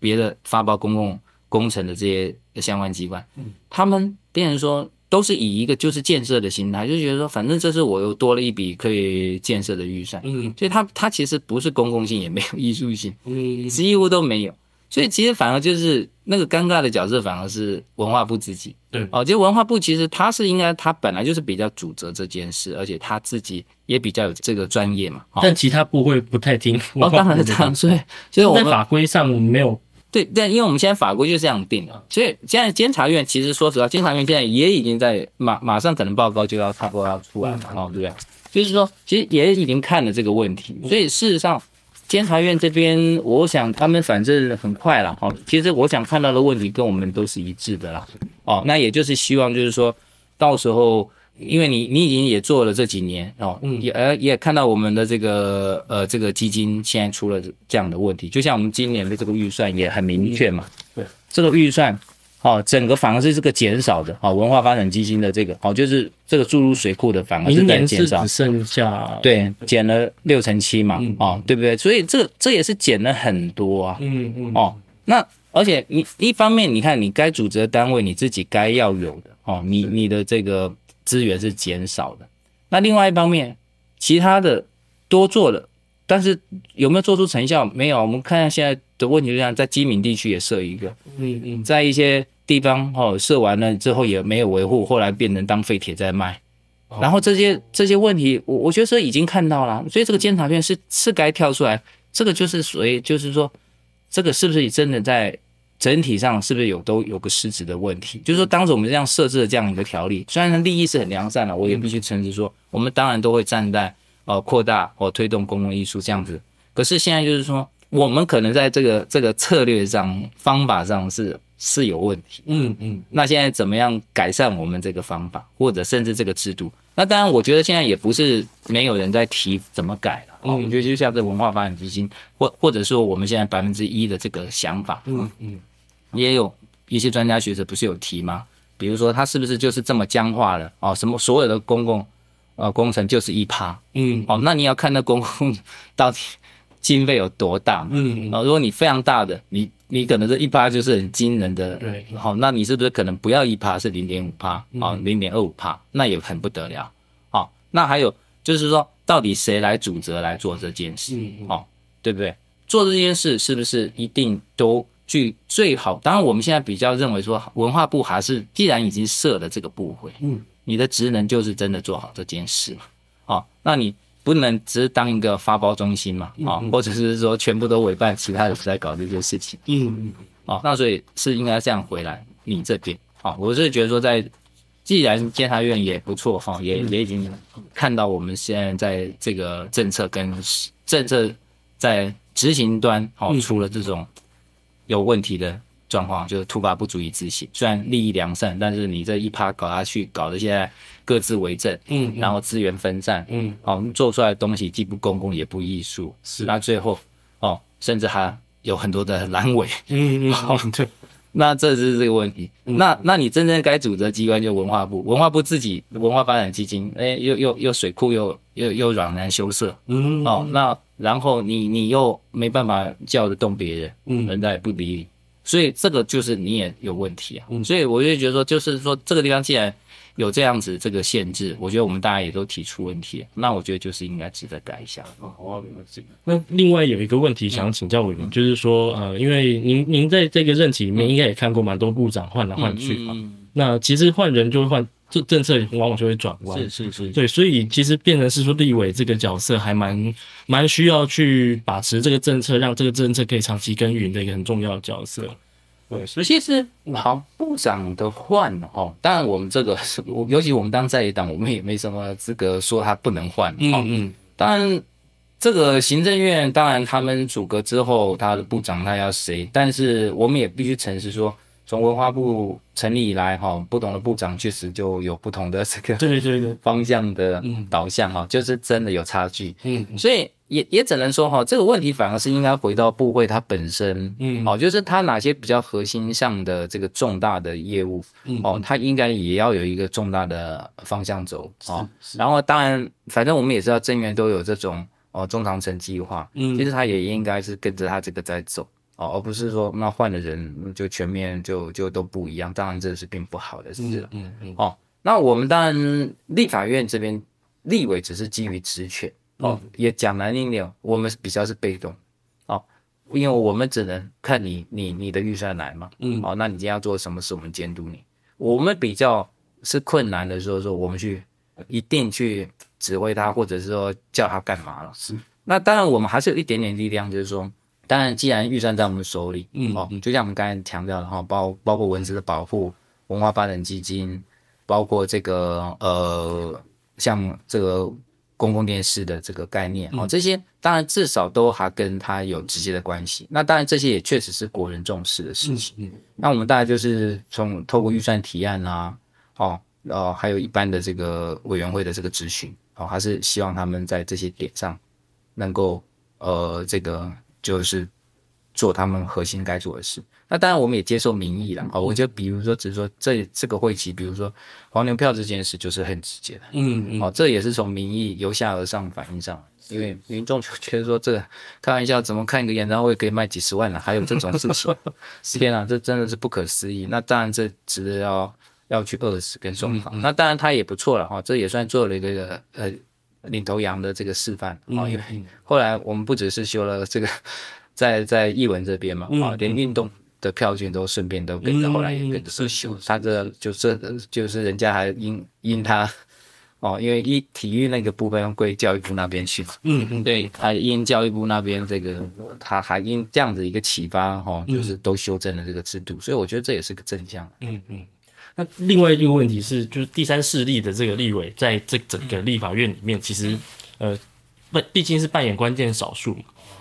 Speaker 1: 別的發包公共工程的這些的相關機關，他們變成說。都是以一個就是建設的心態，就覺得說反正這是我又多了一筆可以建設的預算，嗯，所以它它其實不是公共性，也沒有藝術性，嗯，幾乎都沒有，所以其實反而就是那個尷尬的角色，反而是文化部自己，對，哦，就文化部其實他是應該他本來就是比較主責這件事，而且他自己也比較有這個專業嘛，但其
Speaker 3: 他部會不太聽不，哦，當然是這樣，所以所以我們在法規上我們
Speaker 1: 沒有。對，但因為我們現在法規就是這樣定的，所以現在監察院其實說實話，監察院現在也已經在馬馬上可能報告就要差不多要出來了，哦，對吧，就是說其實也已經看了這個問題，所以事實上監察院這邊，我想他們反正很快了，哈，其實我想看到的問題跟我們都是一致的啦，哦，那也就是希望就是說到時候。因為你你已經也做了這幾年哦，嗯、也呃也看到我們的這個呃這個基金現在出了這樣的問題，就像我們今年的這個預算也很明確嘛，嗯、對這個預算哦，整個反而是這個減少的哦，文化發展基金的這個哦，就是這個注入水庫的反而是減少，只剩下對減了六成七嘛、嗯、哦，對不對？所以這這也是減了很多啊，嗯嗯哦，那而且你一方面你看你該組織的單位你自己該要有的哦，你你的這個。資源是減少的，那另外一方面，其他的多做了，但是有沒有做出成效？沒有。我們看下現在的問題，就像在基鳴地區也設一個，嗯嗯，在一些地方哦設完了之後也沒有維護，後來變成當廢鐵在賣、哦。然後這些這些問題，我我覺得是已經看到了，所以這個監察院是是該跳出來，這個就是屬於，就是說這個是不是你真的在。整體上是不是有都有個失職的問題？就是說，當時我們這樣設置了這樣一個條例，雖然立意是很良善的，我也必須誠實說，嗯、我們當然都會站在呃擴大或、呃、推動公共藝術這樣子。可是現在就是說，我們可能在這個這個策略上、方法上是是有問題。嗯嗯。那現在怎麼樣改善我們這個方法，或者甚至這個制度？那當然，我覺得現在也不是沒有人在提怎麼改了。嗯、哦，我覺得就像這文化發展基金，或或者說我們現在百分之一的這個想法。嗯嗯。也有一些專家學者不是有提嗎？比如說，他是不是就是這麼僵化了哦，什麼所有的公共呃工程就是一趴，嗯，哦，那你要看那公共到底經費有多大，嗯，哦，如果你非常大的，你你可能這一趴就是很驚人的，對，好、哦，那你是不是可能不要一趴是零點五趴啊，零點二五趴，那也很不得了，好、哦，那還有就是說，到底誰來主責來做這件事、嗯，哦，對不對？做這件事是不是一定都？去最好，當然我們現在比較認為說，文化部還是既然已經設了這個部會，嗯，你的職能就是真的做好這件事嘛，啊、哦，那你不能只是當一個發包中心嘛，啊、哦，或者是說全部都委辦其他人在搞這件事情，嗯、啊、嗯哦，那所以是應該這樣回來你這邊，啊、哦，我是覺得說，在既然監察院也不錯，哈、哦，也也已經看到我們現在在這個政策跟政策在執行端，哦，出了這種。有問題的狀況，就是突發不足以執行，雖然立意良善，但是你這一趴搞下去，搞得現在各自為政，嗯，嗯然後資源分散、嗯，嗯，哦，做出來的東西既不公共也不藝術，是，那最後哦，甚至還有很多的爛尾，嗯嗯、哦，對，那這是這個問題，嗯、那那你真正該組織機關就文化部，文化部自己文化發展基金，哎、欸，又又又水庫又又又阮囊羞澀，嗯，哦，那。然後你你又沒辦法叫得動別人，嗯，人家也不理你、嗯，所以這個就是你也有問題啊、嗯。所以我就覺得說，就是說這個地方既然有這樣子這個限制，我覺得我們大家也都提出問題，那我覺得就是應該值得改一下。哦、嗯，
Speaker 3: 那另外有一個問題想請教委員，嗯、就是說呃，因為您您在這個任期裡面應該也看過蠻多部長換來換去嘛、嗯嗯，那其實換人就會換。這政策往往就會轉彎，是是是，對，所以其實變成是說，立委這個角色還蠻蠻需要去把持這個政策，讓這個政策可以長期耕耘的一個很重要角色對。
Speaker 1: 對，所以其實老部長的換哦，當然我們這個，尤其我們當在野黨，我們也沒什麼資格說他不能換。嗯嗯、哦。當然，這個行政院當然他們組閣之後，他的部長那要誰，但是我們也必須誠實說。從文化部成立以來，哈，不同的部長確實就有不同的這個方向的導向，哈，就是真的有差距。嗯，所以也也只能說，哈，這個問題反而是應該回到部會它本身，嗯，哦，就是它哪些比較核心上的這個重大的業務，哦，它應該也要有一個重大的方向走，哦。然後，當然，反正我們也知道，政院都有這種哦中長程計劃，嗯，其實它也應該是跟着它這個在走。哦，而不是說那換的人就全面就就都不一樣，當然這是並不好的事了。嗯嗯，嗯哦，那我們當然立法院這邊立委只是基於職權哦、嗯，也講難聽點，我們比較是被動哦，因為我們只能看你你你的預算來嘛。嗯，好、哦，那你今天要做什麼事，我們監督你。我們比較是困難的時候說我們去一定去指揮他，或者是說叫他幹嘛了。是，那當然我們還是有一點點力量，就是說。當然，既然預算在我們手裡，嗯，嗯，哦，就像我們剛才強調的哈，包包括文字的保護、文化發展基金，包括這個呃，像這個公共電視的這個概念、嗯，哦，這些當然至少都還跟它有直接的關係。那當然，這些也確實是國人重視的事情。嗯嗯、那我們大概就是從透過預算提案啊，哦，呃，還有一般的這個委員會的這個質詢，哦，還是希望他們在這些點上能夠呃，這個。就是做他們核心該做的事。那當然，我們也接受民意了。好，我就比如說，只是說這這個會期，比如說黃牛票這件事，就是很直接的。嗯嗯。好、哦，這也是從民意由下而上反映上來，因為民眾就覺得說這個開玩笑，怎麼看一個演唱會可以賣幾十萬呢、啊？還有這種事情，天 啊，這真的是不可思議。那當然，這值得要要去遏止跟控好、嗯嗯。那當然，它也不錯了。哈、哦，這也算做了一個呃。領頭羊的這個示範，哦，因為後來我們不只是修了這個在，在在藝文這邊嘛，哦，連運動的票券都順便都跟着，後來也跟着、嗯嗯嗯、修。他這個、就是就是人家還因因他，哦，因為一體育那個部分歸教育部那邊去，嗯嗯，對他因教育部那邊這個，他還因這樣子一個啟發，哈，就是都修正了這個制度，所以我覺得這也是個正向，嗯
Speaker 3: 嗯。那另外一個問題是，就是第三勢力的這個立委，在這整個立法院裡面，其實，呃，不，畢竟是扮演關鍵少數。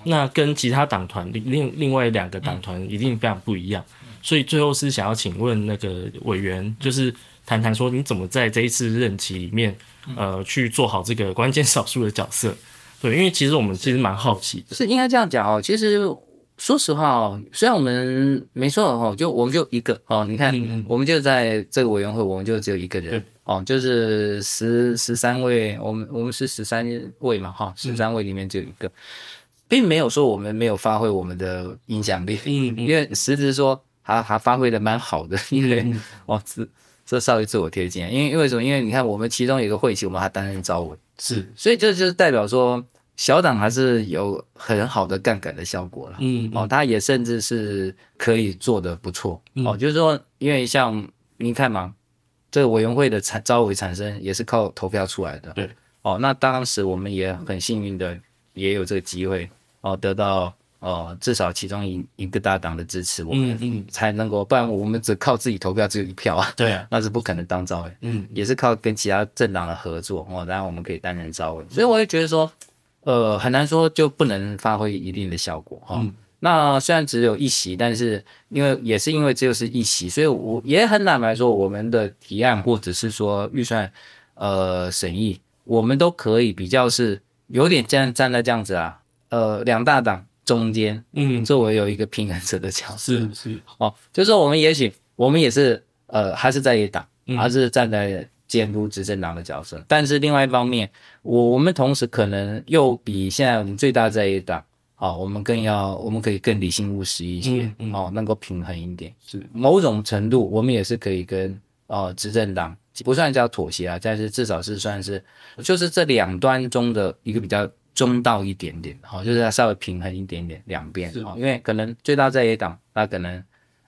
Speaker 3: 那跟其他黨團，另另外兩個黨團一定非常不一樣。所以最後是想要請問那個委員，就是談談說，你怎麼在這一次任期裡面，呃，去做好這個關鍵少數的角色？對，因為其實我們其實蠻好奇
Speaker 1: 的。是應該這樣講哦，其實。說實話哦，雖然我們沒說哦，就我們就一個哦，你看嗯嗯，我們就在這個委員會，我們就只有一個人、嗯、哦，就是十十三位，我們我們是十三位嘛哈，十三位裡面只有一個、嗯，並沒有說我們沒有發揮我們的影響力嗯嗯，因為實質說還還發揮的蠻好的，因為、嗯、哦這這稍微自我貼近，因為因為，為什麼？因為你看我們其中有一個會期我們還擔任召委，是、嗯，所以這就是代表說。小黨還是有很好的槓桿的效果了、嗯，嗯，哦，他也甚至是可以做得不錯、嗯，哦，就是說，因為像你看嘛，這個委員會的產召委產生也是靠投票出來的，對，哦，那當時我們也很幸運的也有這個機會，哦，得到哦至少其中一一個大黨的支持，我們才能夠、嗯嗯，不然我們只靠自己投票只有一票啊，對啊，那是不可能當召委，嗯，也是靠跟其他政黨的合作，哦，然後我們可以擔任召委，所以我也覺得說。呃，很難說就不能發揮一定的效果哈，哦，嗯。那雖然只有一席，但是因為也是因為只有是一席，所以我也很坦白說我們的提案或者是說預算呃審議，我們都可以比較是有點站站在這樣子啊，呃，兩大黨中間，嗯，作為有一個平衡者的角色，是是哦，就是說我們也許我們也是呃，還是在一黨，還是站在。嗯監督執政黨的角色，但是另外一方面，我我們同時可能又比現在我們最大在野黨，啊、哦、我們更要，我們可以更理性務實一些、嗯嗯，哦，能夠平衡一點。是某種程度，我們也是可以跟哦、呃、執政黨不算叫妥協啊，但是至少是算是，就是這兩端中的一個比較中道一點點，好、哦，就是要稍微平衡一點點兩邊、哦，因為可能最大在野黨，他可能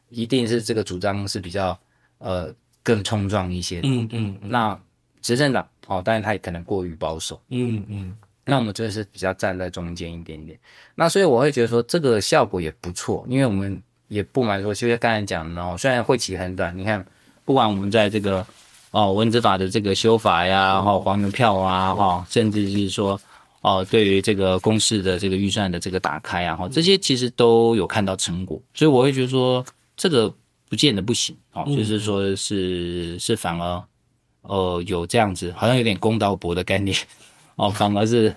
Speaker 1: 一定是這個主張是比較呃。更衝撞一些，嗯嗯，那執政黨哦，但是他也可能過於保守，嗯嗯，那我們就是比較站在中間一點點，那所以我會覺得說這個效果也不錯，因為我們也不瞞說，就像剛才講的哦，雖然會期很短，你看，不管我們在這個哦，文資法的這個修法呀，然、哦、後黃牛票啊，哦，甚至是說哦，對於這個公視的這個預算的這個打開，啊，後、哦、這些其實都有看到成果，所以我會覺得說這個。不見得不行哦，就是說是，是是反而，呃，有這樣子，好像有點公道伯的概念，哦，反而是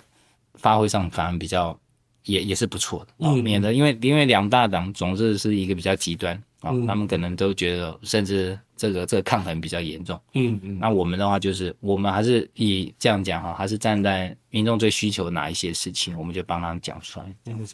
Speaker 1: 發揮上反而比較也也是不錯的，哦，免得因為因為兩大黨總是是一個比較極端啊，哦嗯嗯，他們可能都覺得甚至這個這個抗衡比較嚴重，嗯嗯，那我們的話就是我們還是以這樣講哈，還是站在民眾最需求的哪一些事情，我們就幫他講出來，嗯。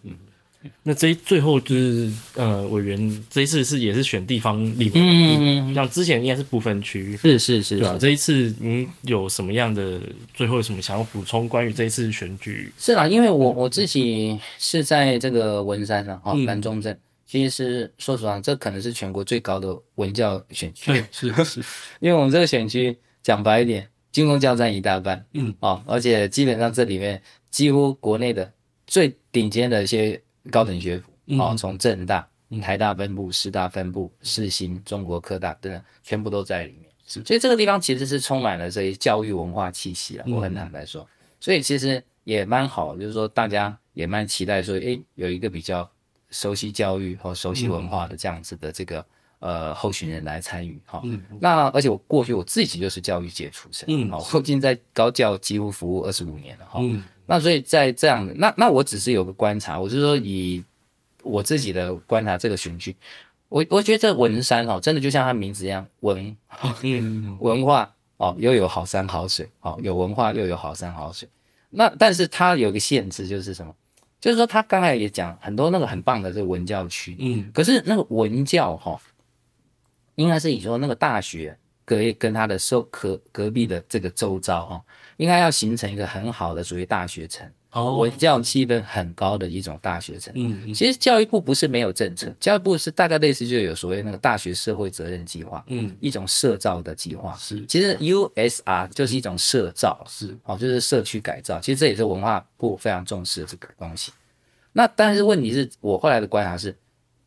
Speaker 3: 那這最後就是呃，委員這一次是也是選地方立嗯，嗯，嗯，嗯，像之前應該是不分區是是是，就是、這一次您、嗯、有什麼樣的最後有什麼
Speaker 1: 想要補充關於這一次選舉？是啦，因為我我自己是在這個文山的啊、嗯哦，南中正。其實說實話，這可能是全國最高的文教選區，對，是是。 因為我們這個選區講白一點，軍公教佔一大半，嗯啊、哦，而且基本上這裡面幾乎國內的最頂尖的一些。高等學府，哦，從政大、台大分部、師大分部、世新、中國科大等等，全部都在裡面。所以這個地方其實是充滿了這些教育文化氣息的。我很坦白說，所以其實也蠻好，就是說大家也蠻期待說，誒、欸，有一個比較熟悉教育和、哦、熟悉文化的這樣子的這個。呃，候選人來參與哈、哦嗯，那而且我過去我自己就是教育界出身，嗯，好，我已經在高教幾乎服務二十五年了哈、嗯哦，那所以在這樣，那那我只是有個觀察，我就是說以我自己的觀察，這個選舉，我我覺得這文山哈、哦，真的就像它名字一樣文，文化哦，又有好山好水，哦，有文化又有好山好水，那但是它有個限制就是什麼？就是說他剛才也講很多那個很棒的這個文教區，嗯，可是那個文教哈。哦應該是你說那個大學隔，隔跟他的收，隔隔壁的這個周遭啊、哦，應該要形成一個很好的所謂大學城，哦、oh.，這教氣氛很高的一種大學城。嗯其實教育部不是沒有政策，嗯、教育部是大概類似就有所謂那個大學社會責任計劃，嗯，一種社造的計劃是。其實 USR 就是一種社造是，哦，就是社區改造。其實這也是文化部非常重視的這個東西、嗯。那但是問題是我後來的觀察是。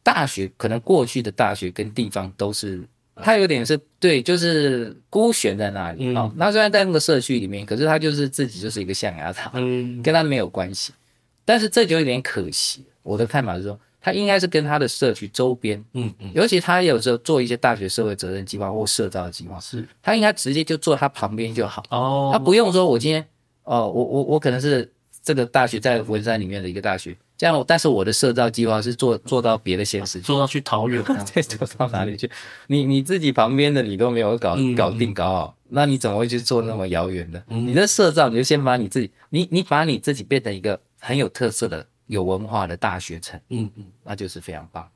Speaker 1: 大學可能過去的大學跟地方都是，他有點是對，就是孤懸在那裡。嗯，那、哦、雖然在那個社區裡面，可是他就是自己就是一個象牙塔，嗯，跟他沒有關係。但是這就有點可惜。我的看法是說，他應該是跟他的社區周邊，嗯嗯，尤其他有時候做一些大學社會責任計劃或社造的計劃，是他應該直接就坐他旁邊就好。哦，他不用說，我今天哦，我我我可能是這個大學在文山裡面的一個大學。我，但是我的社造計劃是做做到別的縣市，做到去桃園，再 走到哪裡去？你你自己旁邊的你都沒有搞搞定搞好，嗯，那你怎麼會去做那麼遙遠的？你的社造你就先把你自己，嗯，你你把你自己變成一個很有特色的、有文化的大學城，嗯嗯，那就是非常棒。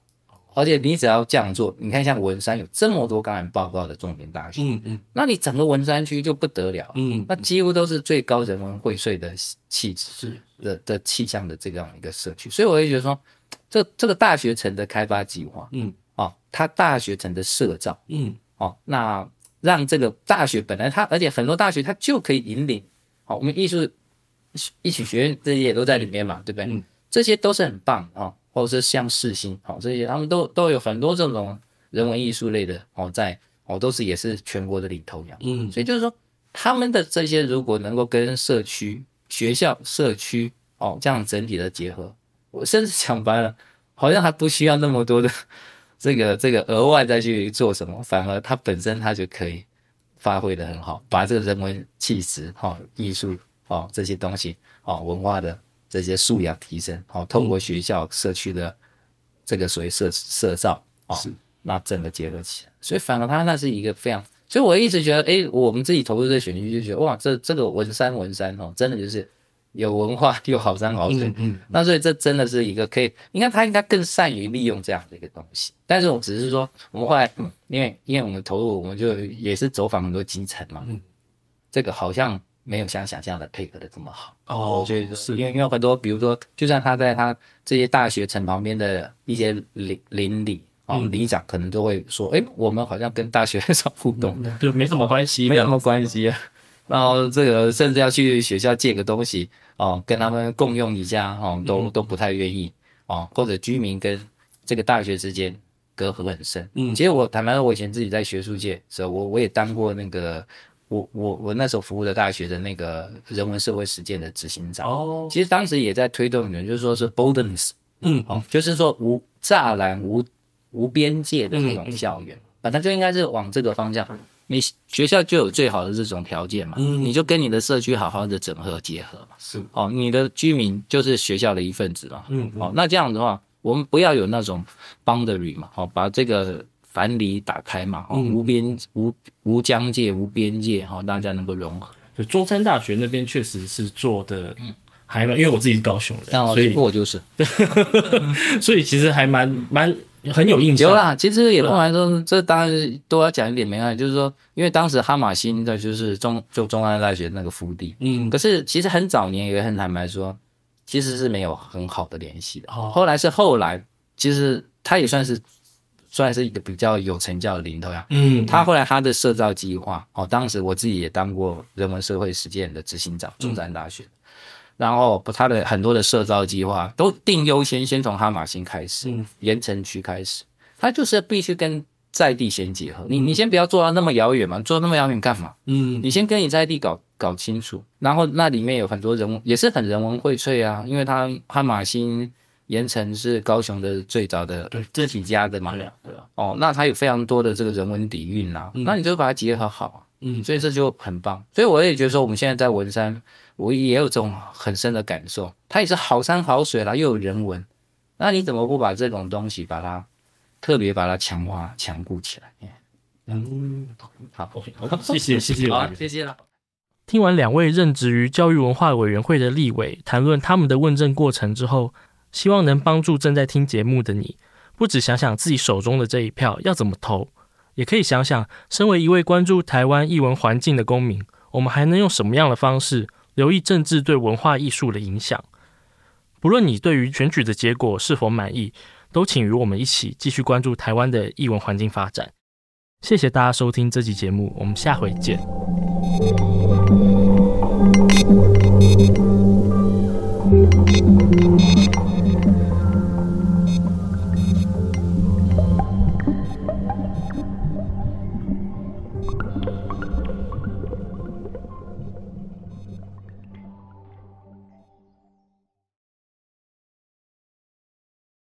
Speaker 1: 而且你只要這樣做，你看像文山有這麼多剛才報告的重點大學，嗯嗯，那你整個文山區就不得了，了嗯，嗯，那幾乎都是最高人文薈萃的氣質，的的氣象的這樣一個社區，所以我也覺得說，這這個大學城的開發計劃，嗯啊、哦，它大學城的社造，嗯、哦、那讓這個大學本來它，而且很多大學它就可以引領，好、哦，我們藝術藝術學院這些也都在裡面嘛，對不對？嗯、這些都是很棒啊。哦或者是像世新，好這些，他們都都有很多這種人文藝術類的，哦，在，哦，都是也是全國的領頭羊。嗯，所以就是說，他們的這些如果能夠跟社區、學校、社區哦這樣整體的結合，我甚至講白了，好像還不需要那麼多的這個這個額外再去做什麼，反而它本身它就可以發揮的很好，把這個人文氣質、好藝術、好這些東西、好文化的。這些素養提升，好、哦，通過學校、社區的這個所謂社社造啊，是，那真的結合起來，所以反而他那是一個非常，所以我一直覺得，哎、欸，我們自己投入這選區就覺得，哇，這這個文山文山哦，真的就是有文化又好山好水，嗯，嗯嗯，那所以這真的是一個可以，你看他應該更善於利用這樣的一個東西，但是我只是說，我們後來、嗯、因為因為我們投入，我們就也是走訪很多基層嘛，嗯，這個好像。沒有想像想象的配合的這麼好哦，我覺得是，因為因為很多，比如說，就算他在他這些大學城旁邊的一些鄰鄰里哦，鄰、嗯啊、長可能都會說，哎，我們好像跟大學很少互動，就沒什麼關係， 沒什麼關係、啊、 然後這個甚至要去學校借個東西哦、啊，跟他們共用一下哦、啊，都、嗯、都不太願意哦、啊。或者居民跟這個大學之間隔閡很深。嗯，其實我坦白說，我以前自己在學術界的時候，我我也當過那個。我我我那時候服務的大學的那個人文社會實踐的執行長、哦、其實當時也在推動人，就是說是 boldness，嗯，哦、就是說無柵欄、無無邊界的那種校園，反、嗯、正、嗯、就應該是往這個方向、嗯，你學校就有最好的這種條件嘛、嗯，你就跟你的社區好好的整合結合嘛，是，哦，你的居民就是學校的一份子嘛，嗯，嗯，好、哦，那這樣子的話，我們不要有那種 boundary 嘛，好、哦，把這個。樊籬打開嘛，哦、無邊、嗯、無無疆界，無邊界哈、哦，大家能夠融合。就中山大學那邊確實
Speaker 3: 是做的，還蠻、嗯，因為我自己是高雄人、嗯，所以我就是，嗯、 所以其實還蠻蠻很有印象。嗯、
Speaker 1: 其實也說來說這當然都要講一點沒關係，就是說，因為當時哈馬星的就是中就中山大學那個福地，嗯，可是其實很早年也很坦白說，其實是沒有很好的聯繫的。哦、後來是後來，其實他也算是。算是一個比較有成效的領頭呀。嗯，他後來他的社造計劃，哦，當時我自己也當過人文社會實踐的執行長，中、嗯、山大學。然後他的很多的社造計劃都定優先，先從哈馬星開始，鹽、嗯、埕區開始。他就是必須跟在地先結合。嗯、你你先不要做到那麼遙遠嘛，做那麼遙遠幹嘛？嗯，你先跟你在地搞搞清楚。然後那裡面有很多人文，也是很人文薈萃啊，因為他哈馬星。鹽埕是高雄的最早的，對，這幾家的嘛，對，對、啊對啊、哦，那它有非常多的這個人文底蘊啦、啊嗯，那你就把它結合好，嗯，所以這就很棒。所以我也覺得說，我們現在在文山，我也有這種很深的感受，它也是好山好水啦，又有人文，那你怎麼不把這種東西把它特別把它強化、強固起來？嗯，好，好 謝謝，謝謝，好，謝謝
Speaker 3: 了。聽完兩位任職於教育文化委員會的立委談論他們的問政過程之後，希望能幫助正在聽節目的你，不只想想自己手中的這一票要怎麼投，也可以想想，身為一位關注台灣藝文環境的公民，我們還能用什麼樣的方式留意政治對文化藝術的影響。不論你對於選舉的結果是否滿意，都請與我們一起繼續關注台灣的藝文環境發展。謝謝大家收聽這集節目，我們下回見。